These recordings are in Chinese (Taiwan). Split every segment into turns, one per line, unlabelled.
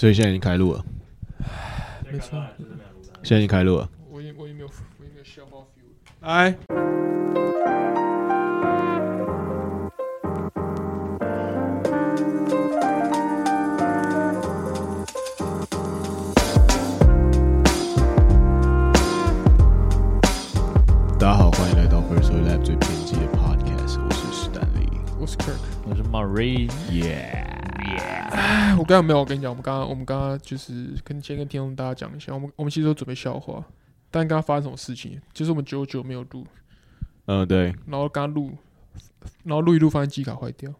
所以現在已經開錄了，沒錯，現在已經開錄了。已錄了，我已
我已沒有，我已沒有 shut off you。哎！
大家好，歡迎來到 Firstory Lab 最偏激的 podcast，我是史丹利，
我是 Kirk，
我是 Marie，Yeah。Yeah.
Yeah. 我剛剛沒有，我跟你講，我們剛剛，我們剛剛就是跟先跟聽眾大家講一下，我們我們其實都準備笑話，但剛剛發生什麼事情？就是我們久久沒有錄，嗯、uh, 對，然後剛剛錄，然後錄一錄發現機卡壞掉，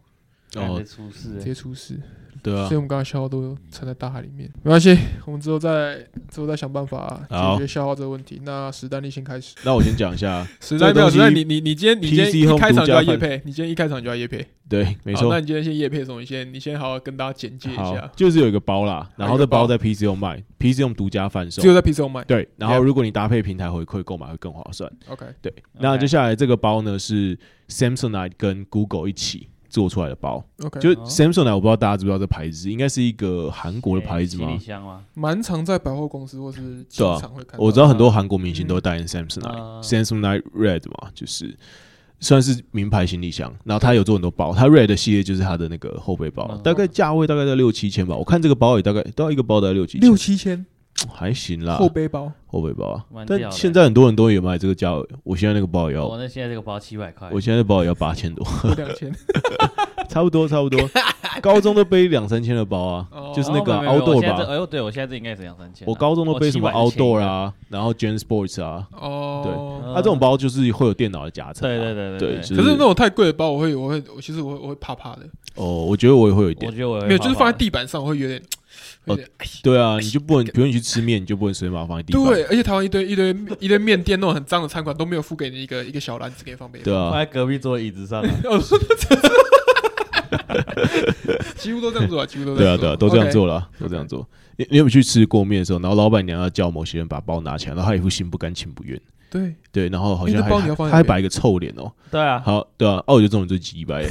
哦、oh.，出事、欸，直接出事。對啊，所以我們剛才消耗都沉在大海裡面，沒關係，我們之後再之後再想辦法、啊、解決消耗這個問題。那史丹利先開始，那我先講一下啊，史丹利，史丹，你你你今天你今天一開場就要業配，你今天一開場就要業配，配，配，對，沒錯。那你今天先業配什麼？你先你先好好跟大家簡介一下，
就是有一個包啦，然後這包在 PChome 賣，PChome 獨家販售，只有在 PChome 賣。對，然後如果你搭配平台回饋購買會更划算。OK，對，okay. 那接下來這個包呢是 Samsonite、okay. 跟 Google 一起做出來的包，okay, 就 Samsonite，、哦、我不知道大家知不知道這牌子，應該是一個韓國的牌子嗎？
蠻常在百貨公司或是機場會看的、啊。我知道很多韓國明星都會代言 Samsonite，Samsonite、
嗯嗯、Red 嘛，就是算是名牌行李箱。然後他有做很多包，嗯、他 Red 的系列就是他的那個後背包，嗯、大概價位大概在六七千吧。我看這個包也大概，都要一個包在六七六
七
千。
哦、還行啦，後背包，後背包啊！但現在很多人都有買這個價位，我現在那個包也要，我、哦、
現在這個包七百塊，我
現在這個包也要八千多，兩千。差不多差不多， 高中都背兩三千的包啊、哦，就是那個、啊哦、沒沒 outdoor 包。哦，對，我
現在這應該是兩三千、啊。我高中都背什麼 outdoor 啊，
然後 gen sports 啊。
哦，對、嗯，那、啊、這種
包就是會有電腦的夾層。對對對對，對。可是那種
太貴的包，我會我會我其實我會我會怕怕的。
哦，我覺得我也會有點。我
覺得我會怕怕沒有，就是放在地板上，我會有點，會有
點、呃、對啊，你就不能比如你去吃麵，你就不能隨便把它放一地。對、欸，
而且台灣一堆一堆一堆麵店那種很髒的餐館都沒有付給你一個一個小籃子給你放的。對啊，放在
隔壁桌椅子上、 哦。 幾乎都這樣做啊，幾乎都這樣做啊，對啊，對啊，都這樣做了，okay. 都這
樣做。你你有沒有去吃過麵的時候，然後老闆娘要叫某些人把包拿起來，然後他一副心不甘情不願，對對，然後好像還還擺個臭臉哦、喔。對啊，好對啊，哦、啊，我覺得這種最雞掰。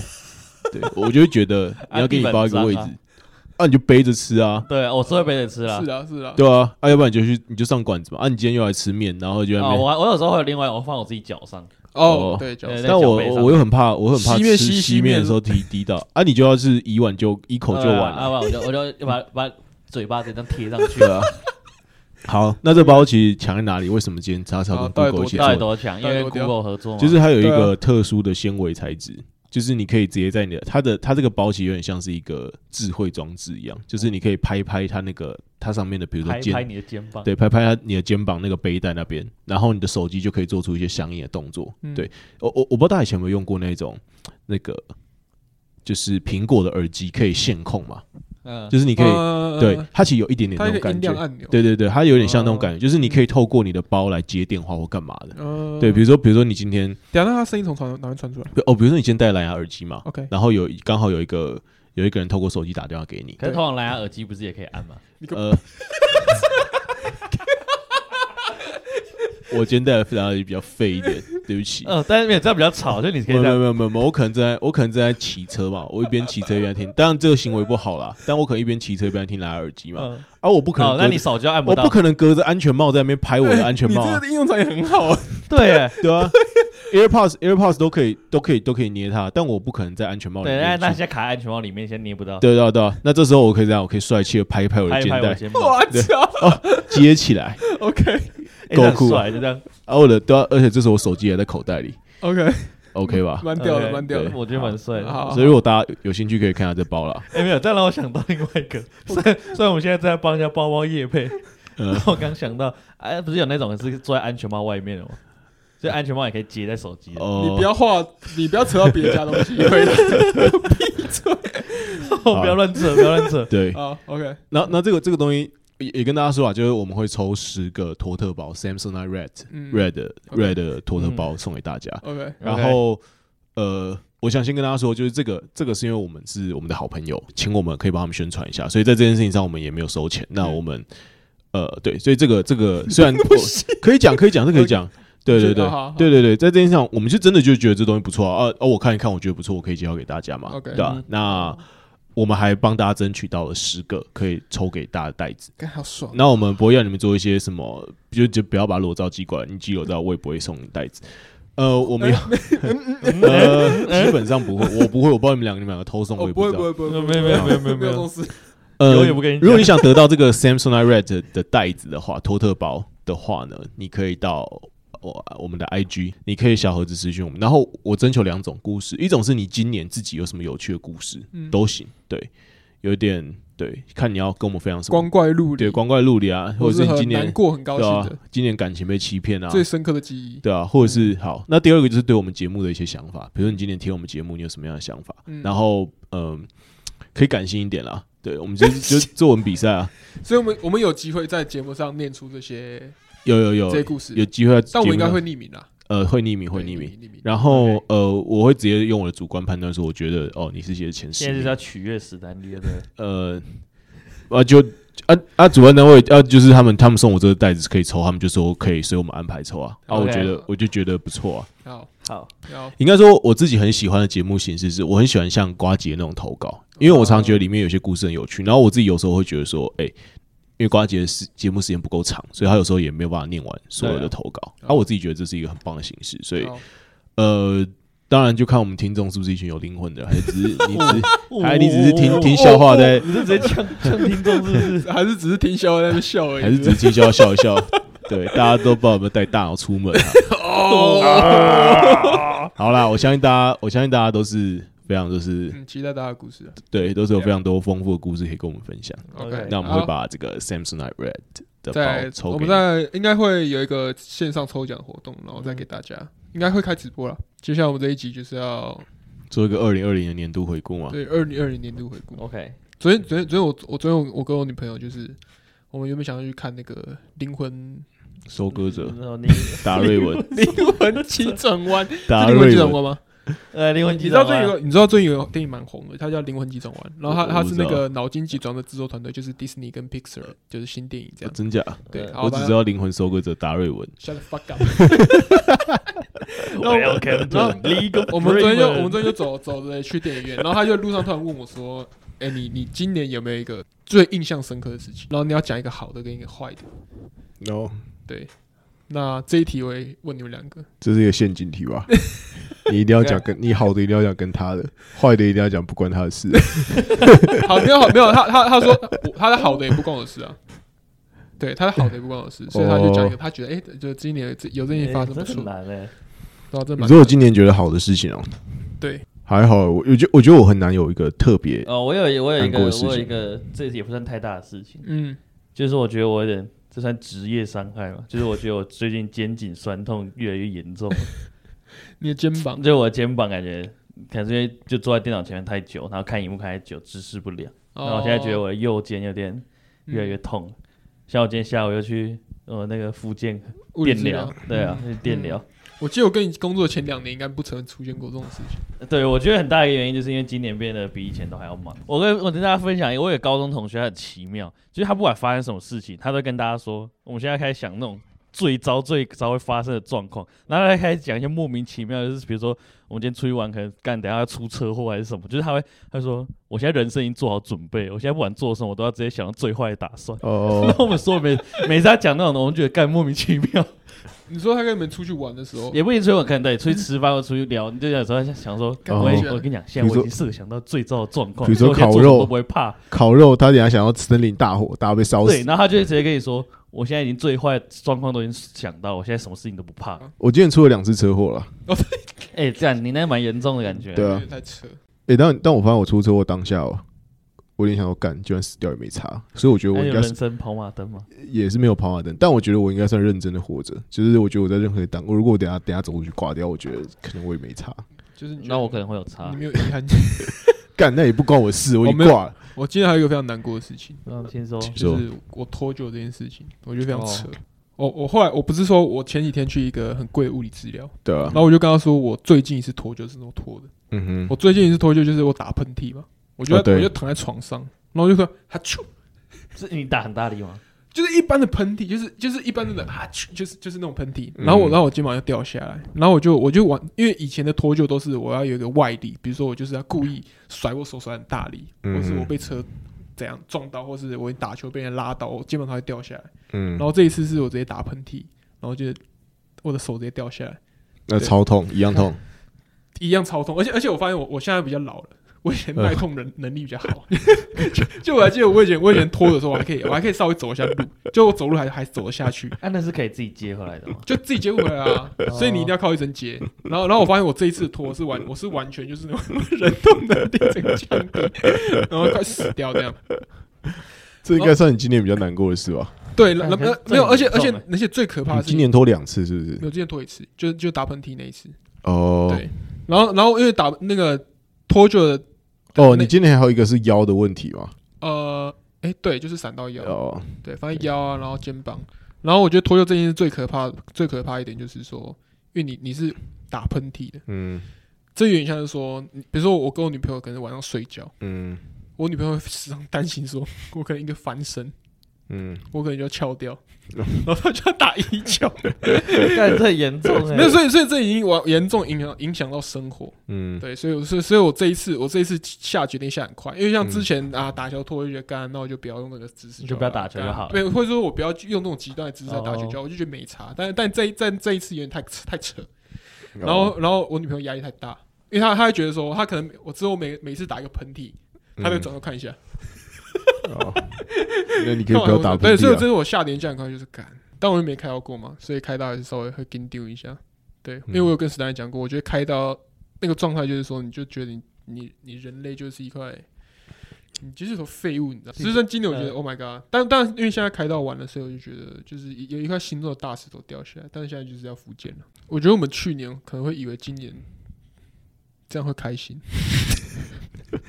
對，我就會覺得你要給你包一個位置， 啊，啊，啊，你就背着吃啊。
對，我是會背着吃啊，啊。是啊，是啊。對啊，
那、啊、要不然你就去你就上館子嘛。啊，你今天又來吃麵，然後就、啊、我
我有時候會有另外我放我自己腳上。哦、oh, oh,，對，但我我又很怕，我很怕洗西,西,西,西面的時候
滴滴到。啊，你就要是一碗就一口就完了。啊，啊我就
我就要把 把嘴巴這樣貼上去
了。 好，那這包其實強在哪裡？為什麼今天叉叉跟 Google 一起、啊、
多多因為 Google 合作，就是它有一個
特殊的纖維材質，就是你可以直接在你的它的它這個包其實有點像是一個智慧裝置一樣，就是你可以拍一拍它那個。它上面的，比如說拍拍你的肩膀，對，拍拍你的肩膀那個背帶那邊，然後你的手機就可以做出一些相應的動作、嗯。對，我我我不知道大家以前有沒有用過那種那個，就是蘋果的耳機可以線控嘛？
嗯、
就是你可以、呃、對
它其實有一點點那種感覺，對對對，它有點像那種感覺、呃，就是你可以透過你的包來接電話或幹嘛的。呃、對，比如說比如說你今天，等
一下讓它聲音從傳哪裡傳出來？
哦，比如說你今天戴藍牙耳機嘛，OK，然後有剛好有一個。有一個人透過手機打電話給你，可是
通往藍牙耳機不是也可以按嗎？
呃， 我今天戴的藍牙比較廢一點，對不起。嗯、呃，
但是這樣比較吵，就你可以沒有沒
有沒有，我可能正在我可能正在騎車嘛，我一邊騎車一邊聽， 當然這個行為不好啦，但我可能一邊騎車一邊聽藍牙耳機嘛，而我不可能，那你手就要按不到。我不可能隔着、哦、安全帽在那邊拍我的安全帽、啊，這個應用場也很
好、啊 對，對，
對、啊。對 AirPods AirPods 都可以，都可以，都可以捏它，但我不可能在安全帽裡面。對，那那
先卡在安全帽裡面，先捏不到對。對、啊、
對對、啊，那這時候我可以這樣，我可以帥氣的拍一拍我的肩帶。拍一拍我肩膀，我操、 哦！接起來。OK，夠酷，就這樣。啊，我的，對啊，而且這時候我手機還在口袋裡。OK，OK okay, okay 吧。蠻屌了，蠻、
okay, 屌了，了我覺得蠻帥。所以如果
大家有興趣，可以看下這包啦。
哎、欸，沒有，再讓我想到另外一個。雖然雖然我們現在在幫人家包包業配， 但我剛想到，哎，不是有那種是坐在安全帽外面的嗎？所以安全帽也可以接在手機、呃。你不要畫，你不要扯到別人家的東西。閉 嘴！ oh, 不要亂扯，不要亂扯。對、oh, 啊，OK 那。那那
這個這個東西也也，也跟大家說啊，就是我們會抽十個托特包，Samsonite、嗯、Red、okay. Red、okay. Red 托特包、嗯、送給大家。OK。然後、okay. 呃，我想先跟大家說，就是這個這個是因為我們是我們的好朋友，請我們可以幫他們宣傳一下，所以在這件事情上我們也沒有收錢。Okay. 那我們呃對，所以這個這個雖然 可以講，可以講，這可以講。 okay. 對對，對對對，對對，對，、啊對，對，對啊、在這件事上，我們就真的就覺得這東西不錯啊！哦、啊啊，我看一看，我覺得不錯，我可以介紹給大家嘛，okay, 對吧、啊嗯？那我們還幫大家爭取到了十個可以抽給大家的袋子、啊，那我們不會要你們做一些什麼，就就不要把裸照寄過來，你寄裸照，我也不會送你袋子。呃，我沒有，欸、呵呵沒呃，基本上不會，我不會，我幫你們兩個你們兩個偷送、哦，我也不知道，不會，不會，沒有、啊，沒有，沒有，沒有，沒有。會、嗯呃、如果你想得到這個 Samsonite Red 的袋子的話， 的的話托特包的話呢，你可以到。我、oh, 我們的 IG，你可以小盒子私訊，我們。然後我徵求兩種故事，一種是你今年自己有什麼有趣的故事，嗯，都行。對，有一點對，看你要跟我們分享什麼光怪陸離，對，光怪陸離啊，或者是你今年難過、很高興對、啊、今年感情被欺騙啊，最深刻的記憶，對啊，或者是、嗯、好。那第二個就是對我們節目的一些想法，比如說你今年聽我們節目，你有什麼樣的想法？嗯、然後嗯、呃，可以感性一點啦。對我們就是就作文比賽啊，
所以我們我們有機會在節目上念出這些。有有有，這些故事有機會、啊，但我
應該會匿名啊。呃，會匿名，會匿名。匿名然後、okay. 呃，我會直接用我的主觀判斷說，我覺得哦，你是寫的前十，現在是要
取悅史丹利，對呃，
啊就啊啊，主辦單位啊，就是他們 他們送我這個袋子可以抽，他們就說可以，所以我們安排抽啊。Oh, 然後我覺得、okay. 我就覺得不錯啊。好，
好，
應該說我自己很喜歡的節目形式是我很喜歡像瓜姐那種投稿，wow. 因為我常常覺得裡面有些故事很有趣，然後我自己有時候會覺得說，哎、欸。因為瓜姐時節，節目時間不夠長，所以他有時候也沒有辦法念完所有的投稿。然後、啊啊、我自己覺得這是一個很棒的形式，所以，呃，當然就看我們聽眾是不是一群有靈魂的，還是只是、哦、你只是，哦、還是、哦、你只是聽、哦、聽笑話在，你、哦哦哦、是直接講講聽眾，是不是？
不 還是只是聽笑話在那笑而已，還是只是聽笑話笑
一笑？ 對，大家都不知道有沒有帶大腦出門、
啊。 哦、啊， 好啦，我
相信大家，我相信大家都是。非常就是，很、嗯、期待大家的故事、啊，對，都是有非常多豐富的故事可以跟我們分享。OK，那我們會把這個 Samsonite Red 的包在抽，我們在
應該會有一個線上抽獎活動，然後再給大家，嗯、應該會開直播了。接下來我們這一集就是要
做一個二零二零的年度回顧嘛？對，
二零二零年度回顧。OK，昨天，昨天，昨天我，我昨天我跟我女朋友就是，我們原本想要去看那個《靈魂
收割者》，嗯，然後那達瑞
文，靈 魂急轉
彎，達瑞文，急轉彎嗎？
呃、欸，靈魂集、嗯、你知道最近有個，你知道最近有個電影蠻紅的，它叫《靈魂急轉彎》，然後它它是那個腦筋急轉彎的製作團隊，就是 Disney 跟 Pixar，就是新電影這樣。啊、真假？對，欸、我只知道靈魂
收割者達瑞文。
well, 然後 我們昨天就我們昨天就走走着去電影院，然後他就路上突然問我說：“哎、 欸，你你今年有沒有一個最印象深刻的事情？然後你要講一個好的跟一個壞的。” No。對，那這一題我也問你們兩個，
這是一個陷阱題吧？ 你一定要講跟你好的，一定要講跟他的壞 的，一定要講不關他的事、啊。 好，沒有，沒有，他他他說
他，他的好的也不關我的事啊。對，他的好的也不關我的事，哦、所以他就講一個他覺得哎、欸，就今年有這有最些
發生的這麼、欸這很難，欸啊、這難的事。如果我今年
覺得好的事情哦、喔，對，還好，我我覺我覺得我很難有一個特別哦，我有我有一個我有
一個這也不算太大的事情，嗯，就是我覺得我有點這算職業傷害嘛，就是我覺得我最近肩頸痠痛越來越嚴重。 你的肩膀，就我的肩膀感、感覺可能是因為就坐在電腦前面太久，然後看熒幕看太久，姿勢不良、哦。然後我現在覺得我的右肩有點越來越痛，嗯、像我今天下午又去我，呃、那個復健電療，對啊，嗯、電療、嗯。
我記得我跟你工作前兩年應該不曾出現過這種事情。
對，我覺得很大一個原因就是因為今年變得比以前都還要忙。我跟我跟大家分享一個，我有高中同學，他很奇妙，就是他不管發生什麼事情，他都跟大家說，我們現在開始想弄。最糟最糟會發生的狀況，然後他開始講一些莫名其妙，就是比如說我們今天出去玩，可能幹等下要出車禍還是什麼，就是他會他說我現在人生已經做好準備，我現在不管做什麼，我都要直接想到最壞的打算。哦。 那我們說每每， 每次他講那種的，我們覺得幹莫名其妙。你說他跟你們
出去玩的時候，
也不一定出去玩，可能對出去吃飯或出去聊，嗯、你就有時候想說，我跟你講，現在我已經設想到最糟的狀況，比如說比如說烤肉我不會怕，
烤肉他等下想要森林大火，大家被燒死。對，
然後他就會直接跟你說。嗯我現在已經最壞狀況都已經想到，我現在什麼事情都不怕。啊、
我今天出了兩次車禍
了。哦，哎，這樣你那蠻嚴重的感覺、啊。對啊，太
扯。哎、欸，但但我發現我出車禍當下、喔，我有點想要幹，就算死掉也沒差。所以我覺得我應該人生
跑馬燈嗎？
也是沒有跑馬燈，但我覺得我應該算認真的活着。就是我覺得我在任何一檔，如果我等下等下走過去掛掉，我覺得可能我也沒差。
就是那我可能會有差，你沒有感
覺。
幹，那也不關我事，我一掛了
我。我今天還有一個非常難過的事情，嗯、先說，就是我脫臼這件事情，我覺得非常扯。我、哦 oh, 我後來我不是說，我前幾天去一個很貴的物理治療，對啊，然後我就跟他說，我最近一次脫臼是那種脫的？嗯哼，我最近一次脫臼就，就是我打噴嚏嘛，我覺得、啊、我就躺在床上，然後就說，哈啾，不是你打很大的嗎？就是一般的噴嚏，就是就是一般的、就是，啊、嗯，就是就是那種噴嚏，然後我然後我肩膀就掉下來，然後我就我就往，因為以前的脫臼都是我要有一個外力，比如說我就是要故意甩我手甩很大力，嗯、或是我被車怎樣撞到，或是我打球被人拉倒，我肩膀才會掉下來。嗯，然後這一次是我直接打噴嚏，然後就我的手直接掉下來，那、嗯、超痛，一樣痛，一樣超痛，而且而且我發現我我現在比較老了。我以前耐痛能力比較好、哦 就，就我還記得我以前我以前拖的時候，我還可以我還可以稍微走一下路，就我走路還還走得下去。啊，那是可以自己接回來的嗎？就自己接回來啊！哦、所以你一定要靠醫生接。然後然後我發現我這一次拖是完，我是完全就是忍痛能力增強， 然後快死掉這樣。
這應該算你今年比較難過的事吧？然
對，然呃沒有，而且而且而且最可怕的是今年拖兩次，是不是？有今年拖一次，就就打噴嚏那一次。哦。對，然後然後因為打那個。脫
臼的哦、oh，你今年還有一個是腰的問題吧？
呃，誒、欸，對，就是閃到腰。Oh, 對，反正腰啊，然後肩膀。然後我覺得脫臼這件事最可怕的，最可怕一點就是說，因為你你是打噴嚏的，嗯，這有點像是說，比如說我跟我女朋友可能晚上睡覺，嗯，我女朋友會時常擔心說我可能一個翻身。嗯，我可能就要敲掉， 然後他就要打一 但這太嚴重哎、欸！那所以，所以這已經嚴重影響影響到生活。嗯，對，所以，所以，所以我這一次，我這一次下決定下很快，因為像之前、嗯、啊，打球拖就覺得幹，那我就不要用那個姿勢，就不要打球就、啊、好。對，或者說，我不要用那種極端的姿勢在打球，哦、我就覺得沒差。但但這一在這一次也有點太太扯。然後，然後我女朋友壓力太大，因為她她會覺得說，她可能我之後每每次打一個噴嚏，她就轉頭看一下。嗯 哦，那你可以不要打。啊、 對，所以這是我下年講，可能就是敢，但我又沒開刀過嘛，所以開刀還是稍微會緊張一下。對，因為我有跟史丹講過，我覺得開刀那個狀態就是說，你就覺得你你，你人類就是一塊，你就是個廢物，你知道？實際上今年我覺得，Oh my God！但但因為現在開刀完了，所以我就覺得就是有一塊心中大石頭掉下來，但是現在就是要復健了。我覺得我們去年可能會以為今年這樣會開心。 哈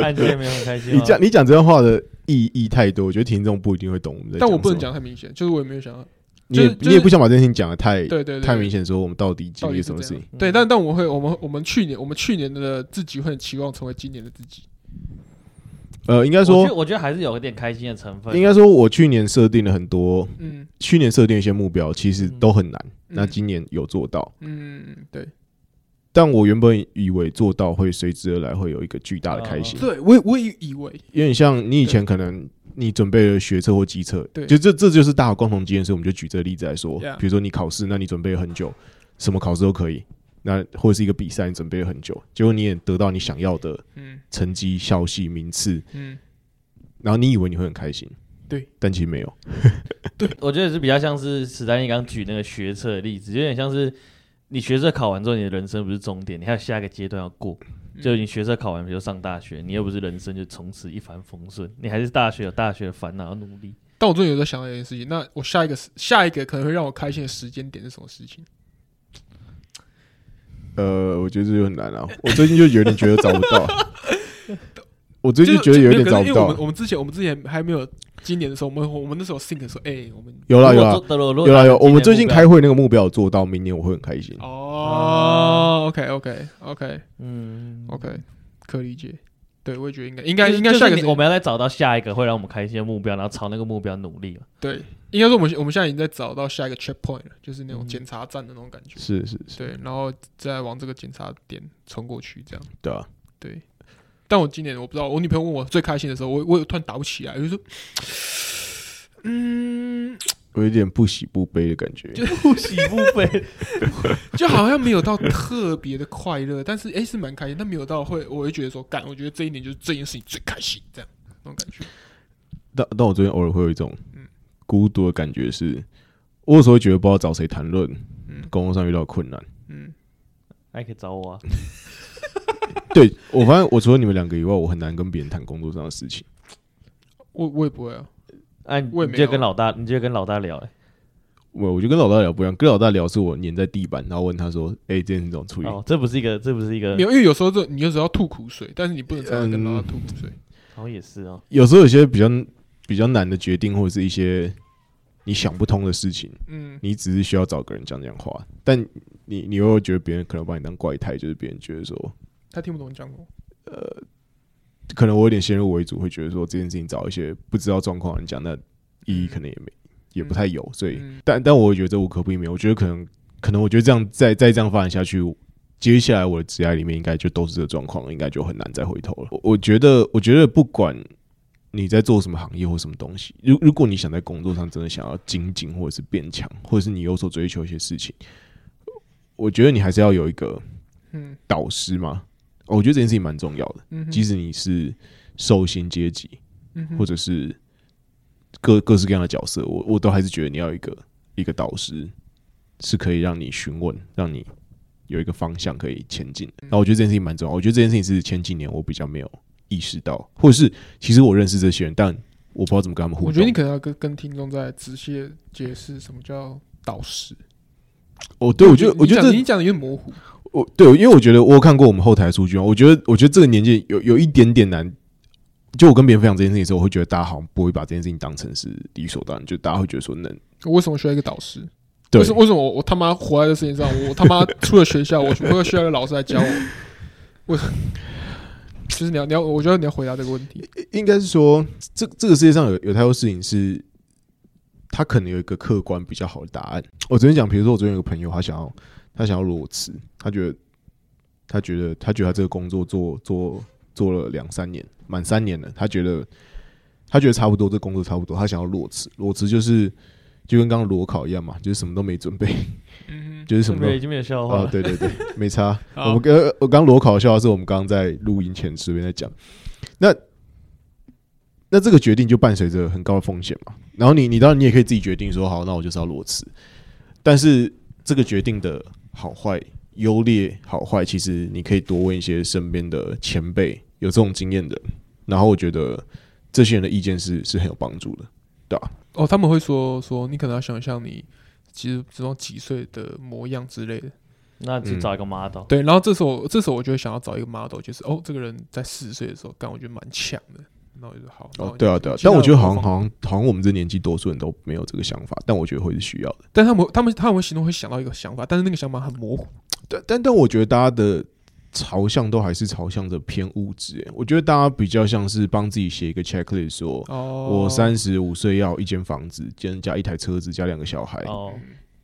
哈，也沒有很開
心 你。你講你講這段話的意義太多，我覺得聽眾不一定會懂。我們，但我不能
講太明顯，就是我也沒有想、就是，你也、就是、你也不想把這件事情講的太對對對太明顯，說我們到底經歷什麼事情？對，但但我會，我們我們去年我們去年的自己會
期望成為今年的自己。嗯、
呃，應該說我，
我覺得還是有一點開心的成分、啊。應該說，
我去年設定了很多，嗯，去年設定一些目標，其實都很難。那、嗯、今年有做到，嗯，嗯對。但我原本以為做到會隨之而來，會有一個巨大的開心。哦、對，我
也我也以為，有
點像你以前可能你準備了學測或基測，對，就這這就是大夥共同經驗。所以我們就舉這個例子來說，比如說你考試，那你準備了很久、哦，什麼考試都可以，那或者是一個比賽，你準備了很久，結果你也得到你想要的成績、嗯、消息、名次，嗯，然後你以為你會很開心，對，但其實沒有。
對，我覺得是比較像是史丹尼剛舉那個學測的例子，有點像是。你學測考完之後，你的人生不是終點，你還有下一個階段要過。就你學測考完，比如上大學，你又不是人生就從此一帆風順，你還是大學有大學的煩惱要努力。
但我最近有在想到一件事情，那我下一個下一個可能會讓我開心的時間點是什麼事情？
呃，我覺得這就很難了啊。我最近就有點覺得找不到， 我最近就覺得有點找不到。我們，
我們之前我們之前還沒有。今年的時候，我們我們那時候 think 說，哎、欸，我們有啦有啦，有啦，有，啦，有，啦有，我們最近開會
那個目標有做到，明年我會很開心。哦、嗯、
，OK OK OK，嗯，OK，可理解。對，我也覺得應該應該應該，下一個是，我
們要再找到下一個會讓我們開心的目標，然後朝那個目標努力了、啊。
對，應該說我們我們現在已經在找到下一個 checkpoint 了，就是那種檢查站的那種感覺。嗯、是是是，對，然後再往這個檢查點衝過去，這樣。對啊，對。但我今年我不知道，我女朋友問我最開心的時候，我我有突然打不起來，我就說，嗯，我
有一點不喜不悲的感覺，就不喜
不悲， 就好像沒有到特別的快樂， 但是哎、欸、是蠻開心，但沒有到會，我會覺得說幹，我覺得這一年就是這件事情最開心這樣那種感覺。
但但我最近偶爾會有一種嗯孤獨的感覺，是，我有時候覺得不知道找誰談論，工作上遇到困難，嗯，
那也可以找我啊。
對，我發現，我除了你們兩個以外，我很難跟別人談工作上的事情。
我我也不會啊，哎、啊，你直接跟老大，你直接跟老大聊，欸。
哎，我我就跟老大聊不一樣，跟老大聊是我黏在地板，然後問他說：“哎、欸，這件事怎麼處理哦？”
這不是一個，這不是一個，因為有
時候，這你就只要吐苦水，但是你不能常常跟老大吐苦水。然後也是啊，有時候有
些比較比較難的決定，或者是一些你想不通的事情，嗯，你只是需要找個人講講話，但你你又會覺得別人可能把你當怪胎，就是別人覺得說。
他聽不懂你講過，
呃，可能我有點先入為主，會覺得說，這件事情找一些不知道狀況的人講，那意義可能也沒、嗯，也不太有。所以，嗯、但但我覺得這無可避免。我覺得可能，可能我覺得這樣再再這樣發展下去，接下來我的職涯裡面應該就都是這個狀況，應該就很難再回頭了。我，我覺得，我覺得不管你在做什麼行業或什麼東西，如如果你想在工作上真的想要精進，或者是變強，或者是你有所追求一些事情，我，我覺得你還是要有一個嗯導師嘛。嗯我覺得這件事情蠻重要的。嗯，即使你是受薪階級，嗯，或者是各各式各樣的角色，我我都還是覺得你要一個一個導師，是可以讓你詢問，讓你有一個方向可以前進的那，嗯啊，我覺得這件事情蠻重要，我覺得這件事情是前幾年我比較沒有意識到，或者是其實我認識這些人，但我不知道怎麼跟他們互動。我覺
得你可能要跟跟聽眾再仔細解釋什麼叫導師。
哦，對，嗯，我覺得我覺得，我覺得你講的有點模糊。我對，因為我覺得我有看過我們後台的數據啊，我覺得我覺得這個年紀有有一點點難。就我跟別人分享這件事情的時候，我會覺得大家好像不會把這件事情當成是理所當然，就大家會覺得說難，
我為什麼需要一個導師？對，為什麼為什麼我他媽活在這個世界上？我他媽出了學校， 我我有需要一個老師來教我？為什麼？就是你要你要，我覺得你要回答這個問題。
應該是說，這這個世界上有有太多事情是，他可能有一個客觀比較好的答案。我昨天講，比如說我昨天有個朋友，他想要。他想要裸辭，他覺得他覺得他覺得他這個工作做做做了兩三年，滿三年了，他覺得他覺得差不多，這個、工作差不多，他想要裸辭。裸辭就是就跟剛剛裸考一樣嘛，就是什麼都沒準備，嗯、就是什麼都準備已經沒有笑話。啊、哦，對對對， 沒差。我們剛我剛裸考的笑話是我們剛剛在錄音前隨便在講。那那這個決定就伴隨着很高的風險嘛。然後你你當然你也可以自己決定說好，那我就是要裸辭。但是這個決定的。好壞、優劣、好壞，其實你可以多問一些身邊的前輩有這種經驗的，然後我覺得這些人的意見是是很有幫助的，
對吧、啊？哦，他們會說說你可能要想象你其實這種幾歲的模樣之類的，那就找一個 model、嗯。對，然後這時候這時候我就會想要找一個 model，就是哦，這個人在四十歲的時候幹，我覺得蠻強的。那也是好哦，對啊對啊，但我覺得好像好像好
像我們這年紀多數人都沒有這個想法，但我覺得會是需要的。
但他們他們他們心中會想到一個想法，但是那個想法很模糊。嗯、
對，但但我覺得大家的朝向都還是朝向着偏物質。哎，我覺得大家比較像是幫自己寫一個 checklist，說，哦、我三十五歲要一間房子，加一台車子，加兩個小孩。哦，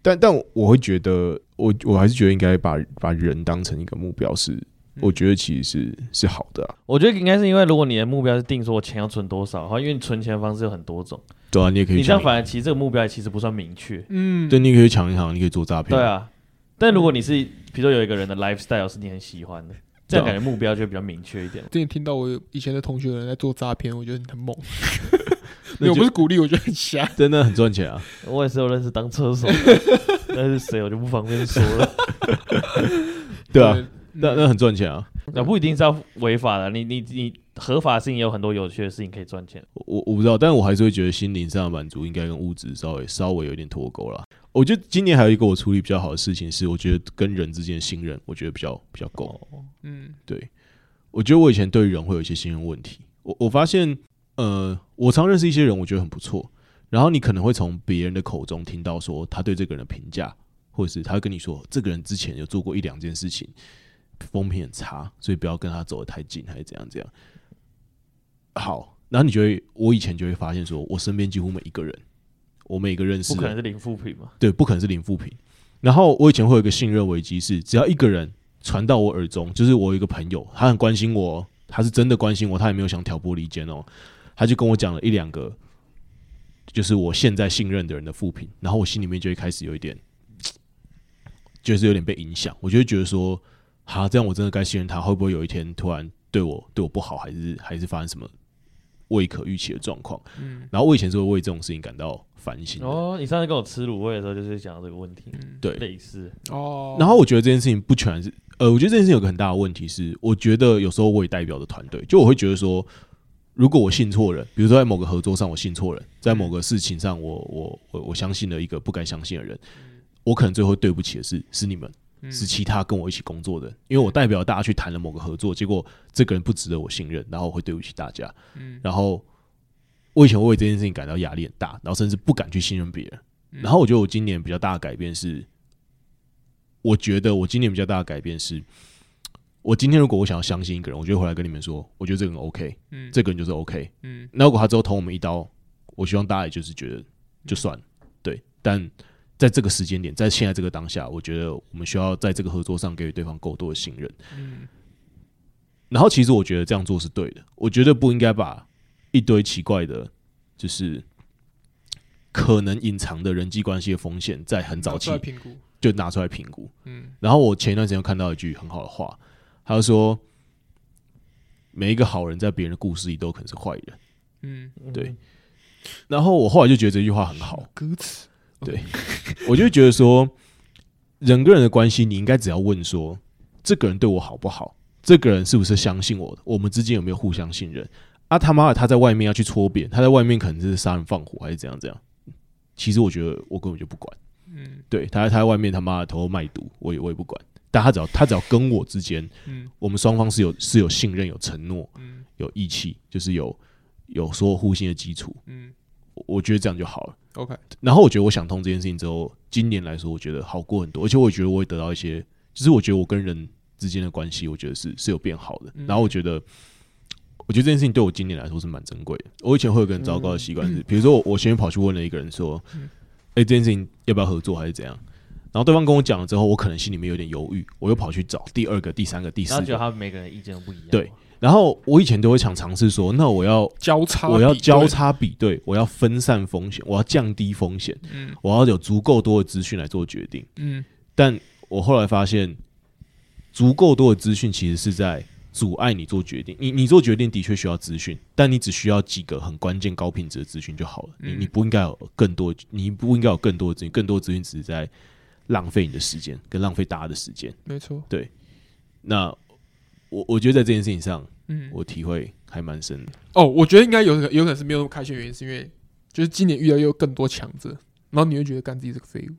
但但我會覺得，我我還是覺得應該把把人當成一個目標是。我覺得其實是是
好的啊。我覺得應該是因為，如果你的目標是定說我錢要存多少，然後因為你存錢的方式有很多種，對啊，你也可以。你這樣反而其實這個目標其實不算明確。嗯，
對，你可以搶銀行，你可以做詐騙。對啊，
但如果你是，比如說有一個人的 lifestyle 是你很喜歡的，這樣感覺目標就會比較明確一點。
最近啊，聽到我以前的同學的人在做詐騙，我覺得你很猛。那不是鼓勵，我覺得很瞎。 真的很賺錢
啊！我也是有認識當車手， 但是誰我就不方便說了。 對啊。對
那那很賺錢啊！
那、嗯啊、不一定是要違法的。你你你，你合法性也有很多有趣的事情可以賺錢。
我我不知道，但是我還是會覺得心靈上的滿足應該跟物質稍微稍微有點脫鈎了。我覺得今年還有一個我處理比較好的事情是，我覺得跟人之間的信任，我覺得比較比較夠、哦。嗯，對。我覺得我以前對人會有一些信任問題。我我發現，呃，我常認識一些人，我覺得很不錯。然後你可能會從別人的口中聽到說他對這個人的評價，或者是他會跟你說這個人之前有做過一兩件事情。風評很差，所以不要跟他走得太近，還是怎樣？怎樣？好，那你就會我以前就會發現說，說我身邊幾乎每一個人，我每一個認識人，不可能是零負評嘛？對，不可能是零負評。然後我以前會有一個信任危機，是只要一個人傳到我耳中，就是我有一個朋友，他很關心我，他是真的關心我，他也沒有想挑撥離間哦，他就跟我講了一兩個，就是我現在信任的人的負評，然後我心裡面就會開始有一點，就是有點被影響，我就會覺得說。好，這樣我真的該信任他，會不會有一天突然對我對我不好，還是還是發生什麼未可預期的狀況？嗯，然後我以前是會為這種事情感到煩心。哦，
你上次跟我吃滷味的時候，就是講到這個問題，嗯、對，類似哦。然後我
覺得這件事情不全是，呃，我覺得這件事情有個很大的問題是，是我覺得有時候我也代表的團隊，就我會覺得說，如果我信錯人，比如說在某個合作上我信錯人，在某個事情上我、嗯、我我我相信了一個不該相信的人、嗯，我可能最後對不起的是是你們。是其他跟我一起工作的，因為我代表大家去談了某個合作，結果這個人不值得我信任，然後我會對不起大家。嗯，然後我以前為這件事情感到壓力很大，然後甚至不敢去信任別人。然後我覺得我今年比較大的改變是，我覺得我今年比較大的改變是，我今天如果我想要相信一個人，我就會回來跟你們說，我覺得這個人 OK，這個人就是 OK，嗯，那如果他之後捅我們一刀，我希望大家也就是覺得就算了，對，但。在這個時間點，在現在這個當下，我覺得我們需要在這個合作上給予對方夠多的信任。嗯。然後，其實我覺得這樣做是對的。我覺得不應該把一堆奇怪的，就是可能隱藏的人際關係的風險，在很早期拿出來評估就拿出來評估。嗯。然後，我前一段時間看到一句很好的話，他說：“每一個好人，在別人的故事裡都可能是壞人。”嗯，對。然後我後來就覺得這句話很好，
歌、嗯、詞。
對，Okay. 我就覺得說，人跟人的關係，你應該只要問說，這個人對我好不好？這個人是不是相信我的？我們之間有沒有互相信任？啊他媽的，他在外面要去搓扁，他在外面可能就是殺人放火還是怎樣怎樣？其實我覺得我根本就不管。嗯，對他他在外面他媽的偷偷賣毒，我也我也不管。但他只要他只要跟我之間，嗯，我們雙方是有是有信任、有承諾、嗯、有義氣，就是有有說互信的基礎。嗯。我覺得這樣就好了。OK，然後我覺得我想通這件事情之後，今年來說我覺得好過很多，而且我也覺得我也得到一些。其實我覺得我跟人之間的關係，我覺得是是有變好的。然後我覺得，我覺得這件事情對我今年來說是蠻珍貴的。我以前會有一個很糟糕的習慣，是比如說我我先跑去問了一個人說，哎，這件事情要不要合作還是怎樣，然後對方跟我講了之後，我可能心裡面有點猶豫，我又跑去找第二個、第三個、第四個，覺得他每個人意見都不一樣。對。然後我以前都會想嘗試說，那我要交叉，我要交叉比對，對，對，我要分散風險，我要降低風險，嗯，我要有足夠多的資訊來做決定，嗯。但我後來發現，足夠多的資訊其實是在阻礙你做決定。你你做決定的確需要資訊，但你只需要幾個很關鍵、高品質的資訊就好了。嗯。你你不應該有更多，你不應該有更多的資訊，更多的資訊只是在浪費你的時間跟浪費大家的時間。沒錯，對。那。.我我覺得在這件事情上，嗯，我體會還蠻深的。
哦，我覺得應該有可有可能是沒有那麼開心的原因，是因為就是今年遇到又有更多強者，然後你又覺得幹自己是個廢物。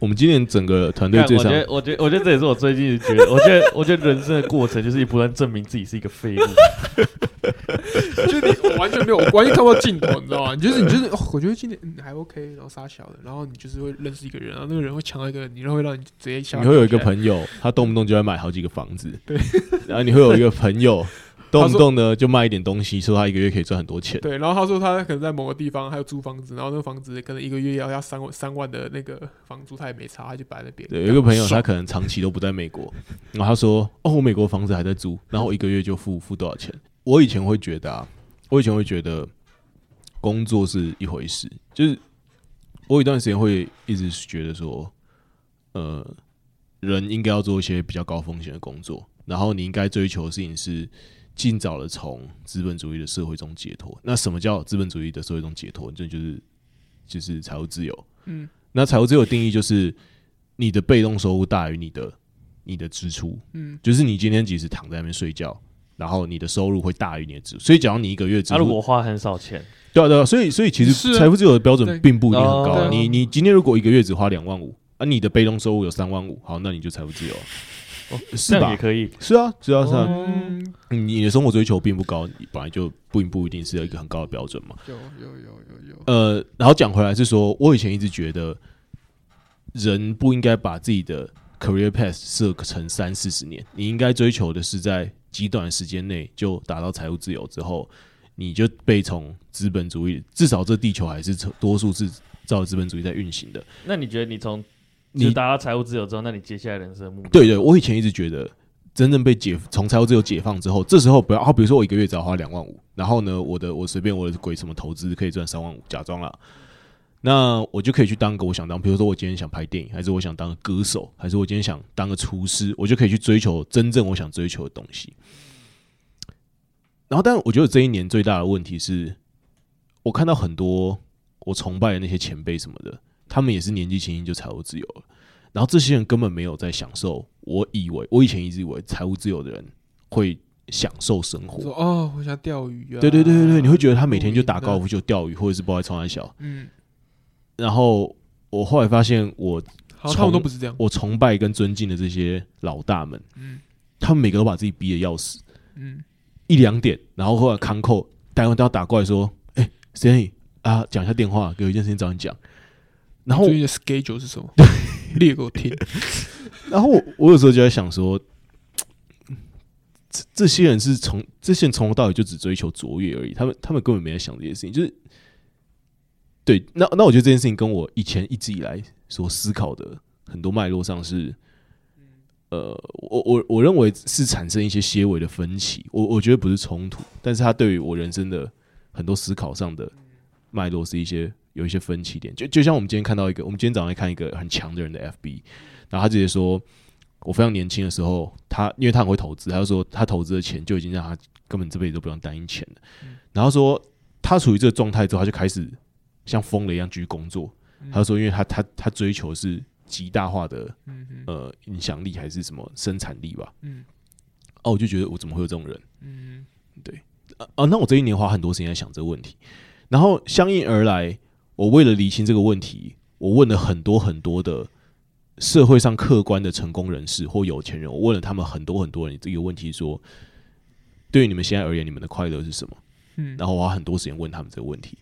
我們今年
整個團隊最，我覺得我覺得我覺得，我覺得這也是我最近的覺得， 我覺得我覺得人生的過程就是你不斷證明自己是一個廢物。 沒有關，關係看不到盡頭，你知道嗎？你就是，你就是，哦、我覺得今天、
嗯、還 OK，然後殺小的，然後你就是會認識一個人，然後那個人會搶到一個，你又會讓你直接搶。你會有一個朋友，
他動不動就要買好幾個房子，對。然後你會有一個朋友，動不動呢就賣一點東西，說他一個月可以賺很多錢。
對，然後他說他可能在某個地方還有租房子，然後那個房子可能一個月要要三萬三萬的那個房租，他也沒差，他就擺在那邊。對，有一個朋友，他可能
長期都不在美國， 然後他說哦，我美國房子還在租，然後我一個月就付付多少錢？ 我以前會覺得、啊。我以前會覺得，工作是一回事。就是我有一段時間會一直覺得說，呃，人應該要做一些比較高風險的工作，然後你應該追求的事情是儘早的從資本主義的社會中解脫。那什麼叫資本主義的社會中解脫？這就，就是就是財務自由。嗯，那財務自由的定義就是你的被動收入大於你的你的支出。嗯，就是你今天即使躺在那邊睡覺。然後你的收入會大於你的支出，所以假如你一個月只……啊，如果花很少錢，對啊對啊，所以所以其實財富自由的標準並不一定很高，啊啊哦啊。你你今天如果一個月只花兩萬五，啊，啊你的被動收入有三萬五，好，那你就財富自由，啊，哦，是吧？也可以，是啊，主要是，啊是啊嗯嗯，你的生活追求並不高，你本來就不不一定是有一個很高的標準嘛。有有有有有，呃，然後講回來是說，我以前一直覺得人不應該把自己的。Career path 設成三四十年，你應該追求的是在極短的時間內就達到財務自由之後，你就被從資本主義，至少這地球還是多數是照資本主義在運行的。
那你覺得你從你達到財務自由之後，那你接下來人生的目標。對，對
對，我以前一直覺得，真正被解從財務自由解放之後，這時候不要，好、啊，比如說我一個月只要花兩萬五，然後呢，我的我隨便我的鬼什麼投資可以賺三萬五，假裝啦。那我就可以去當個我想當，比如說我今天想拍電影，還是我想當個歌手，還是我今天想當個廚師，我就可以去追求真正我想追求的東西。然後，但我覺得這一年最大的問題是我看到很多我崇拜的那些前輩什麼的，他們也是年紀輕輕就財務自由了，然後這些人根本沒有在享受。我以為我以前一直以為財務自由的人會享受生活。說，哦，
回家釣魚啊！對對對對對，你會覺得他每天就打高爾夫
就釣魚、嗯，或者是泡在沙灘小嗯。然後我後來發現我，我差不多不是這樣。我崇拜跟尊敬的這些老大們，嗯，他們每個都把自己逼得要死，
嗯，
一兩點，然後後來扛扣，待會都要打過來說，哎、欸，誰啊，講一下電話，嗯、給有一件事情找你講。然後我你最近的 schedule 是什麼？獵狗 我 然後我有時候就在想說，這，這些人是從這些人從頭到尾就只追求卓越而已，他們他們根本沒在想這些事情，就是。對，那那我覺得這件事情跟我以前一直以來所思考的很多脈絡上是，嗯、呃，我我我認為是產生一些些微的分歧。我我覺得不是衝突，但是他對於我人生的很多思考上的脈絡是一些有一些分歧點。就就像我們今天看到一個，我們今天早上來看一個很強的人的 FB，然後他直接說，我非常年輕的時候，他因為他很會投資，他就說他投資的錢就已經讓他根本這輩子都不用擔心錢了，嗯。然後說他處於這個狀態之後，他就開始。像瘋了一樣繼續工作，他就說：“因為他他他追求是極大化的，嗯、呃，影響力還是什麼生產力吧。”嗯，哦、啊，我就覺得我怎麼會有這種人？嗯，對啊，啊，那我這一年花很多時間想這個問題，然後相應而來，我為了釐清這個問題，我問了很多很多的社會上客觀的成功人士或有錢人，我問了他們很多很多人這個問題說，對於你們現在而言，你們的快樂是什麼？嗯，然後我花很多時間問他們這個問題。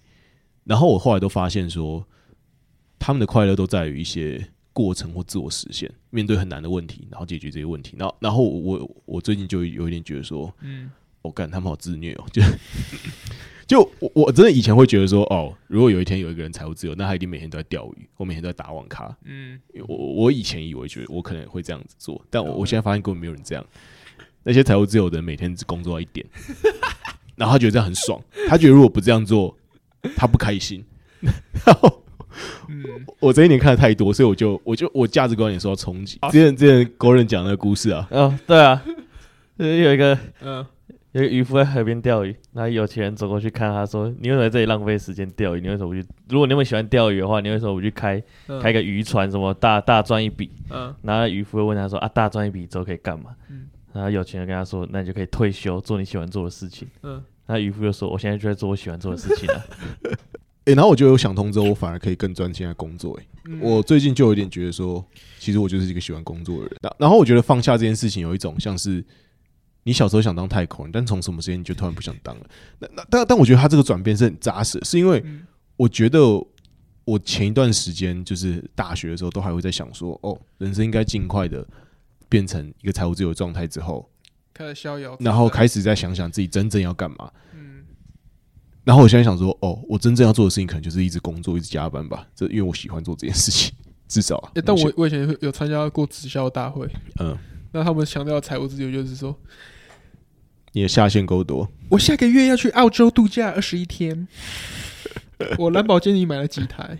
然後我後來都發現說，他們的快樂都在於一些過程或自我實現，面對很難的問題，然後解決這些問題。然後，然後我我我最近就有一點覺得說，嗯，我、哦、幹他們好自虐哦，就 就我我真的以前會覺得說，哦，如果有一天有一個人財務自由，那他一定每天都在釣魚，我每天都在打網咖。嗯，我我以前以為覺得我可能會這樣子做，但我、嗯、我現在發現根本沒有人這樣。那些財務自由的人每天只工作一點， 然後他覺得這樣很爽，他覺得如果不這樣做。 他不開心 然後我、嗯，我這一年看的太多，所以我就，我就，我價值觀也受到衝擊、啊。之前之前工人講那個故事啊、哦，嗯，
對啊， 有一個，嗯，有個漁夫在河邊釣魚，然後有錢人走過去看，他說：“你為什麼在這裡浪費時間釣魚？你為什麼不去？如果你那麼喜歡釣魚的話，你為什麼不去開、嗯、開個漁船，什麼大大賺一筆？嗯，然後漁夫會問他說：‘啊，大賺一筆之後可以幹嘛、嗯？’然後有錢人跟他說：‘那你就可以退休，做你喜歡做的事情。’嗯。”那漁夫就說：“我現在就在做我喜歡做的事情了。 欸”然
後我就有想通之後，我反而可以更專心的工
作、欸。我最近就有點覺得說，
其實我就是一個喜歡工作的人。然然後，我覺得放下這件事情有一種像是你小時候想當太空人，但從什麼時間你就突然不想當了。那那但但我覺得他這個轉變是很扎實，是因為我覺得我前一段時間就是大學的時候，都還會在想說：“哦，人生應該盡快的變成一個財務自由的狀態。”之後。逍遙，然後開始再想想自己真正要幹嘛。嗯。然後我現在想說，哦，我真正要做的事情可能就是一直工作、一直加班吧。這因為我喜歡做這件事情，至少、啊欸。但我
我以前有參加過直銷大會。嗯。那他們強調財務自由，就是說，
你的下線夠多。
我下個月要去澳洲度假二十一天。 我藍寶堅尼買了幾台？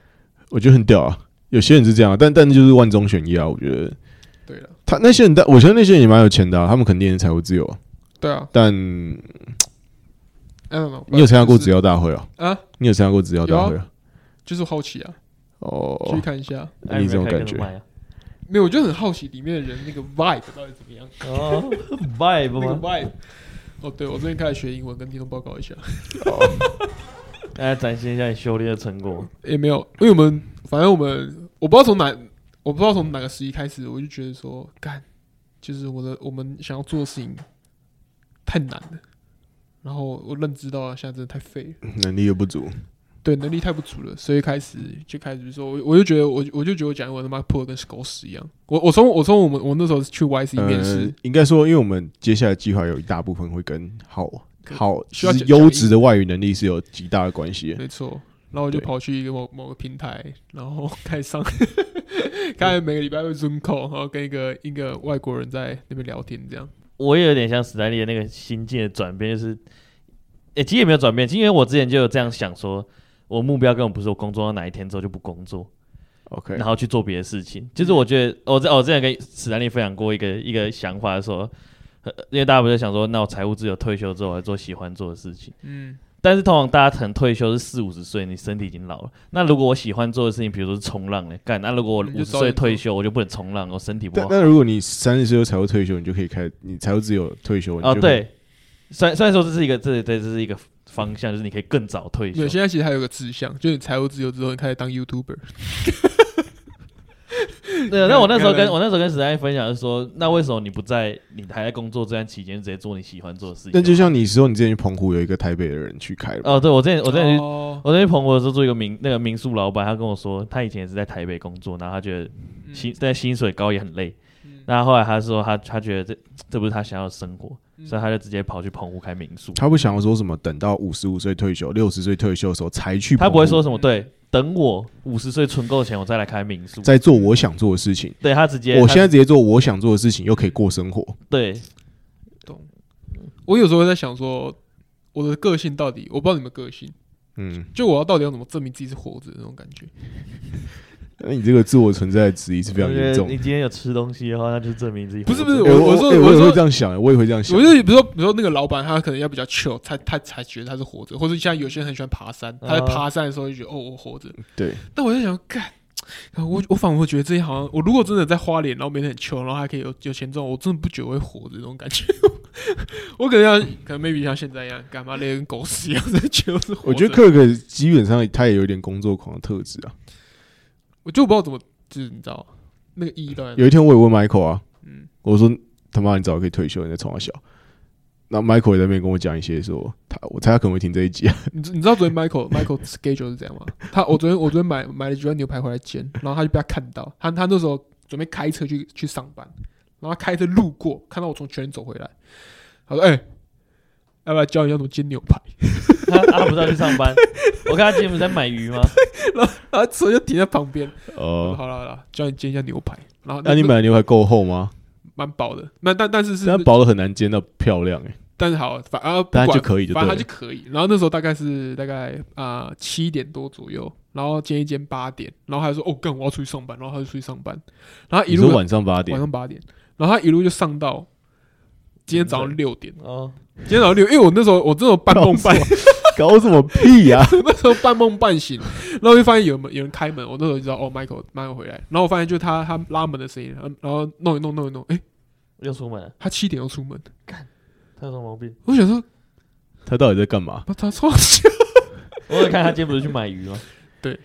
我覺得很屌啊！有些人是這樣，但但就是萬中選一啊！我覺得。他那些人，但我覺得那些人也蠻有錢的、啊，他們肯定也是財務自由、啊。對啊。但
，know, 你有參加過紙、就、
雕、是呃、大會啊？啊，你有參加過紙雕大會、啊
啊？就是好奇啊。哦、oh,。去看一下。哎、你這種感覺沒、啊？沒有，我就很好奇裡面的人那個 vibe 到底怎麼樣。哦、oh, ，vibe 嗎、那個、？vibe。哦、oh,，對，我最近開始學英文， 跟聽眾報告一下。大家哈展
示一下你修煉的成果。
也、欸、沒有，因為我們反正我們我不知道從哪。我不知道從哪個時期開始，我就覺得說，幹，就是我的我們想要做的事情太難了。然後我認知到了，現在真的太廢了，能力也不足，對，能力太不足了，所以開始就開始說，說我，我，我，我就覺得我，我就覺得我講英文我他媽破的跟狗屎一樣。我我從我從我們我那時候去 YC 面試、
呃，應該說，因為我們接下來計劃有一大部分會跟好好需要優質的外語能力是有極大的關係，沒
錯。然後我就跑去一個某某個平台，然後開上， 開每個禮拜會 Zoom call，然後跟一個一個外國人在那邊聊天這樣。
我也有點像史丹利的那個心境的轉變，就是，也其實也沒有轉變，因為我之前就有這樣想說，我目標根本不是我工作到哪一天之後就不工作，okay，然後去做別的事情。就是我覺得，我這我之前跟史丹利分享過一個一個想法的時候，因為大家不是想說，那我財務自由退休之後，我要做喜歡做的事情，嗯。但是通常大家可能退休是四五十歲，你身體已經老了。那如果我喜歡做的事情，比如說是衝浪嘞，欸，幹，那如果我五十歲退休，我就不能衝浪，我身體不
好。那如果你三十歲就財務退休，你就可以開，你財務自由退休。你就可
以。哦，對，雖然雖然說這是一個，這對，對，這是一個方向，嗯，就是你可以更早退休。現
在其實還有個志向，就是你財務自由之後，你開始當 YouTuber。 對，那我那時候跟我
那時候跟史丹利分享，是說那為什麼你不在你還在工作這段期間直接做你喜歡做的事情？但
就像你說，你之前去澎湖有一個台北的人去開了，了哦，對我之前我之前去，哦，
我之前去澎湖的時候做一個民那個民宿老闆，他跟我說他以前也是在台北工作，然後他覺得薪在，嗯，薪水高也很累，嗯，然後後來他說他他覺得這這不是他想要的生活，嗯，所以他就直接跑去澎湖開民宿。他
不想要說什麼等到五十五歲退休，六十歲退休的時候才
去澎湖，他不會說什麼對。嗯等我五十歲存夠錢，我再來開民宿，再做我
想做的事情。對，他直接，我現在直接做我想做的事情，又可以過生活。
對，
懂。我有時候會在想說，說我的個性到底，我不知道你們個性。嗯，就我要到底要怎麼證明自己是活着的那種感覺。
那你這個自我存在的質疑是非常
嚴重。你
今天有吃東西的話，那就證明自己。不是不是、欸，我,我我說我有這樣想，我也會這樣想、欸。我,
我就比如說，比如說那個老板，他可能要比較糗，他他才覺得他是活着。或者像有些人很喜歡爬山，他在爬山的時候就覺得哦、喔，我活着。對。但我在想，幹，我反而我仿佛覺得自己好像，我如果真的在花蓮，然後每天很窮，然後還可以有有錢賺，我真的不覺得會活着。這種感覺。我可能要，可能 maybe 像現在一樣，幹嘛跟狗屎一樣在求是我覺得
K 哥基本上他也有點工作狂的特質啊。
我就不知道怎麼，就是你知道那個一段，有一天
我也問 Michael 啊，嗯，我說他媽你早可以退休，你在衝三小。那、嗯、Michael 也在那邊跟我講一些說，說他，我猜他可能會聽這一集啊你。
你你知道昨天 Michael Michael schedule 是這樣嗎？他我昨天我昨天買買了幾塊牛排回來煎，然後他就被他看到，他他那時候準備開車去去上班，然後他開車路過看到我從圈走回來，他說哎。欸要不要教你一下怎麼煎牛排 他？他、啊、他不是要去上班， 我看他今天不是在買魚嗎？ 然後車就停在旁邊。哦、呃，好了好了，教你煎一下牛排。然後那個啊、你買的
牛排夠厚嗎？蠻薄的，那但但是是，但薄的很難煎到漂亮誒、欸。
但是好，反而、啊，反正就可以反正就可以。然後那時候大概是大概啊七、呃、點多左右，然後煎一煎八點，然後他就說：“哦幹，我要出去上班。”然後他就出去上班，然後一路晚上八點，晚上八點，然後他一路就上到。今天早上六點啊！今天早上六、哦嗯，因為我那時候我這時候半夢半，搞什麼屁呀，啊？ 那時候半夢半醒， 然後就發現有人有人開門，我那時候就知道哦，Michael Michael 回來，然後我發現就是他他拉門的聲音，然後弄一弄弄一弄，哎，欸，又出門了，他七點又出門，幹他有什麼毛病？我想說，
他到底在幹嘛？他操！
我來看他今天不是去買魚嗎？ 對。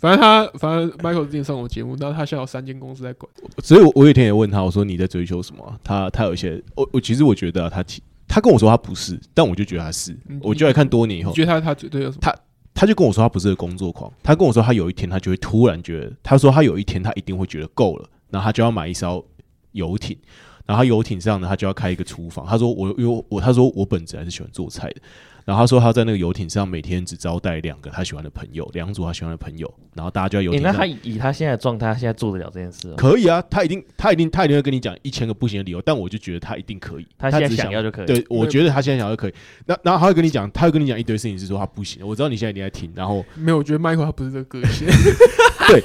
反正他，反正 Michael 之前上我節目，但是他現在有三間公司在管。
所以我，我我有一天也問他，我說你在追求什麼啊？他他有一些，我我其實我覺得啊，他他跟我說他不是，但我就覺得他是。嗯，我就來看多年以後。我覺得
他他追什麼？
他他就跟我說他不是個工作狂。他跟我說他有一天他就會突然覺得，他說他有一天他一定會覺得夠了，然後他就要買一艘遊艇，然後他遊艇上呢他就要開一個廚房。他說我因為我，我，他說我本質還是喜歡做菜的。然後他說他在那個遊艇上每天只招待兩個他喜歡的朋友，兩組他喜歡的朋友，然後大家就在遊艇上、欸。
那他以，以他現在的狀態，他現在做得了這件事、哦？可以啊
他，他一定，他一定，他一定會跟你講一千個不行的理由。但我就覺得他一定可以。他現在他想，想要就可以。對，我覺得他現在想要就可以。對對那然後他會跟你講，他會跟你講一堆事情，是說他不行。我知道你現在一定在聽，然後
沒有，我覺得麥克他不是這個個性。
對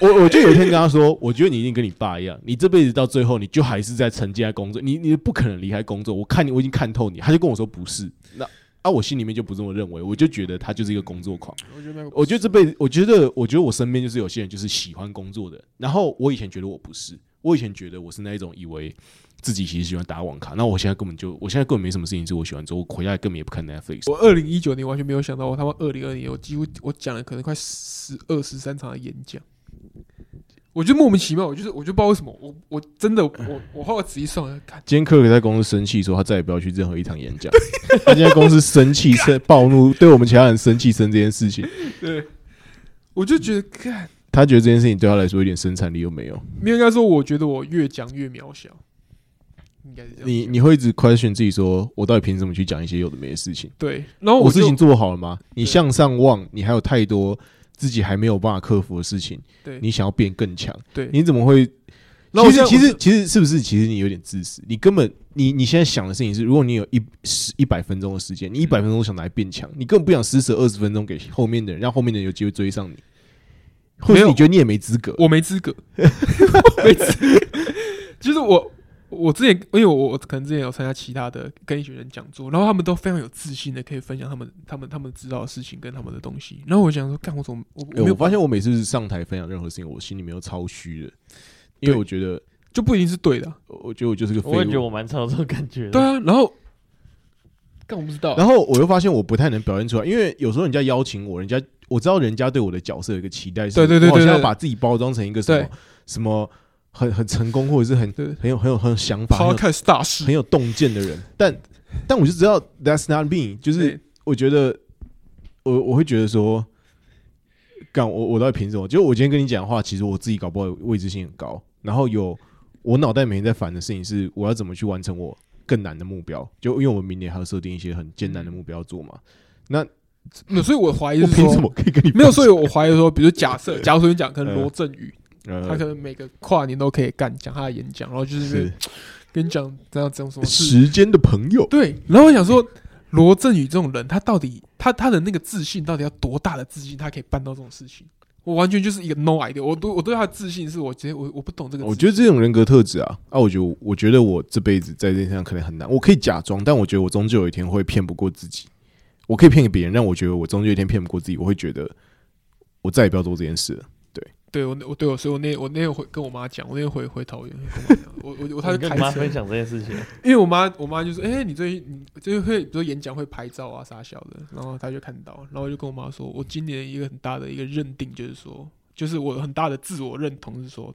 我，我就有一天跟他說，我覺得你一定跟你爸一樣，你這輩子到最後，你就還是在沉浸在工作，你你不可能離開工作。我看你，我已經看透你。他就跟我說不是那。那、啊、我心裡面就不這麼認為，我就覺得他就是一個工作狂。嗯、我
覺得，我覺得這
輩子，我覺得，我覺得我身邊就是有些人就是喜歡工作的。然後我以前覺得我不是，我以前覺得我是那一種以為自己其實喜歡打網咖。那我現在根本就，我現在根本沒什麼事情做，我喜歡做，我回家也根本也不看 Netflix。我
二零一九年完全沒有想到我，我他媽二零二零年我幾乎我講了可能快十二、十三場的演講。我就莫名其妙，我就是，我就不知道為什麼，我我真的，我我後來仔細算一下看，
看今天 Kirk 在公司生氣的時候，他再也不要去任何一場演講。 他今天公司生氣、生 暴怒，對我們其他人生氣、生這件事情，
對，我就覺得，看、嗯、
他覺得這件事情對他來說一點生產力都沒有。
不應該說，我覺得我越講越渺小，應
該是這樣。你你會一直 question 自己說，說我到底憑什麼去講一些有的沒的事情？對，然後我，我事情做好了嗎？你向上望，你還有太多。自己還沒有辦法克服的事情，對你想要變更強，你怎麼會？其實其實其實是不是？其實你有點自私，你根本你你現在想的事情是，如果你有一十一百分鐘的時間，你一百分鐘想來變強、嗯，你根本不想施捨二十分鐘給後面的人，讓後面的人有機會追上你，或者你覺得你也沒資格沒，我沒資格， 我
沒資資格， 就是我。我之前，因為我可能之前有參加其他的跟一群人講座，然後他們都非常有自信的可以分享他們他們他們知道的事情跟他們的東西。然後我想說，幹我怎麼我，欸、我沒有我發
現我每次上台分享任何事情，我心裡面都超虛的，因為我覺得就不一定是對的，啊。我覺得我就是個廢物，我也覺得我蠻的這種感覺。對啊，然後
幹我不知道，啊，然後
我又發現我不太能表現出來，因為有時候人家邀請我，人家我知道人家對我的角色有一個期待，是對，對，對，對對對對，我好像要把自己包裝成一個什麼什麼。很很成功，或者是很很有很有很有想法，開始大事，很有洞見的人。 但但我就知道，That's not me。就是我覺得，我我會覺得說，幹我我到底憑什麼？就我今天跟你講的話，其實我自己搞不好位置性很高。然後有我腦袋每天在煩的事情是，我要怎麼去完成我更難的目標？就因為我明年還要設定一些很艱難的目標做嘛。嗯、那那、嗯、所以我懷疑就是說，憑什麼可以跟你沒有？所以我懷
疑說， 比如假設，假如說你講，可能羅振宇。 嗯 他可能每個跨年都可以乾講他的演講，然後就是跟你講這樣這種說。時間的朋友， 對。然後我想說，羅振宇這種人，他到底他他的那個自信到底要多大的自信，他可以辦到這種事情？我完全就是一個 no idea 我。我我對他的自信，是我覺得我我不懂這個。
我覺得這種人格特質啊，啊我，我覺得我覺得我這輩子在這件事上可能很難。我可以假裝，但我覺得我終究有一天會騙不過自己。我可以騙別人，但我覺得我終究有一天騙不過自己，我會覺得我再也不要做這件事了。
對我，我對我，所以我那我那天回跟我媽講，我那天回回頭，我我 我他就我 跟我媽分享這件事情、啊，因為我媽我媽就說，哎、欸，你最近你最近會比如說演講會拍照啊啥小的，然後他就看到，然後我就跟我媽說，我今年一個很大的一個認定就是說，就是我很大的自我認同是說